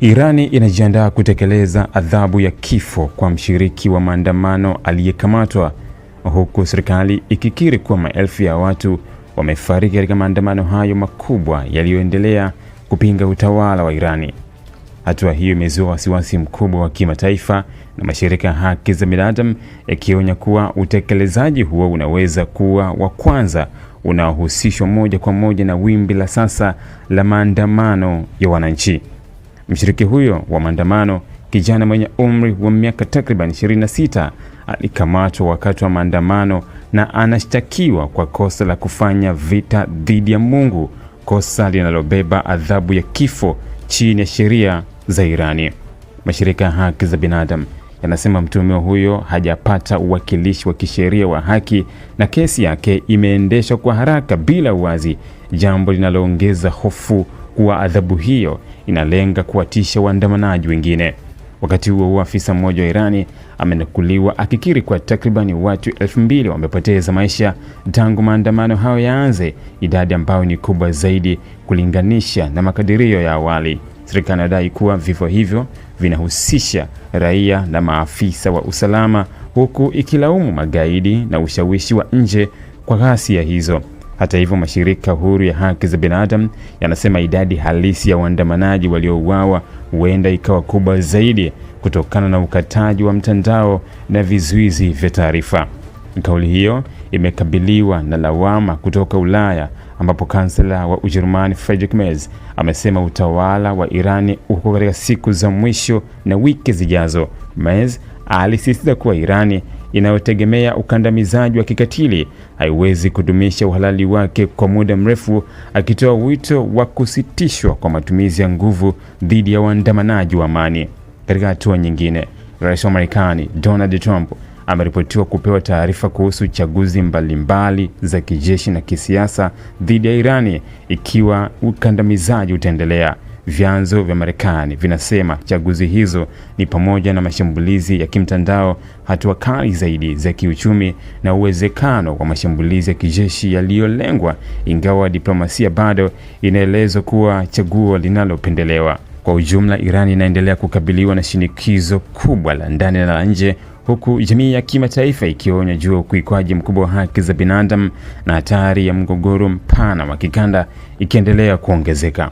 Irani inajiandaa kutekeleza adhabu ya kifo kwa mshiriki wa maandamano aliyekamatwa, huku serikali ikikiri kuwa maelfu ya watu wamefariki katika maandamano hayo makubwa yaliyoendelea kupinga utawala wa Irani. Hatua hiyo imezua wasiwasi mkubwa wa kimataifa na mashirika ya haki za binadamu yakionya kuwa utekelezaji huo unaweza kuwa wa kwanza unaohusishwa moja kwa moja na wimbi la sasa la maandamano ya wananchi. Mshiriki huyo wa maandamano, kijana mwenye umri wa miaka takriban 26, alikamatwa wakati wa maandamano na anashtakiwa kwa kosa la kufanya vita dhidi ya Mungu, kosa linalobeba adhabu ya kifo chini ya sheria za Irani. Mashirika ya haki za binadamu yanasema mtuhumiwa huyo hajapata uwakilishi wa kisheria wa haki na kesi yake imeendeshwa kwa haraka bila uwazi, jambo linaloongeza hofu kuwa adhabu hiyo inalenga kuwatisha waandamanaji wengine. Wakati huo huo, afisa mmoja wa Irani amenukuliwa akikiri kuwa takribani watu elfu mbili wamepoteza maisha tangu maandamano hayo yaanze, idadi ambayo ni kubwa zaidi kulinganisha na makadirio ya awali. Serikali inadai kuwa vifo hivyo vinahusisha raia na maafisa wa usalama, huku ikilaumu magaidi na ushawishi wa nje kwa ghasia hizo. Hata hivyo, mashirika huru ya haki za binadamu yanasema idadi halisi ya waandamanaji waliouawa huenda ikawa kubwa zaidi kutokana na ukataji wa mtandao na vizuizi vya taarifa. Kauli hiyo imekabiliwa na lawama kutoka Ulaya ambapo kansela wa Ujerumani Friedrich Merz amesema utawala wa Irani uko katika siku za mwisho na wiki zijazo. Merz alisisitiza kuwa Irani inayotegemea ukandamizaji wa kikatili haiwezi kudumisha uhalali wake kwa muda mrefu, akitoa wito wa kusitishwa kwa matumizi ya nguvu dhidi ya waandamanaji wa amani. Katika hatua nyingine, rais wa Marekani Donald Trump ameripotiwa kupewa taarifa kuhusu chaguzi mbalimbali za kijeshi na kisiasa dhidi ya Irani ikiwa ukandamizaji utaendelea. Vyanzo vya Marekani vinasema chaguzi hizo ni pamoja na mashambulizi ya kimtandao, hatua kali zaidi za kiuchumi na uwezekano wa mashambulizi ya kijeshi yaliyolengwa, ingawa diplomasia bado inaelezwa kuwa chaguo linalopendelewa. Kwa ujumla, Iran inaendelea kukabiliwa na shinikizo kubwa la ndani na la nje huku jamii ya kimataifa ikionya juu ya ukiukwaji mkubwa wa haki za binadamu na hatari ya mgogoro mpana wa kikanda ikiendelea kuongezeka.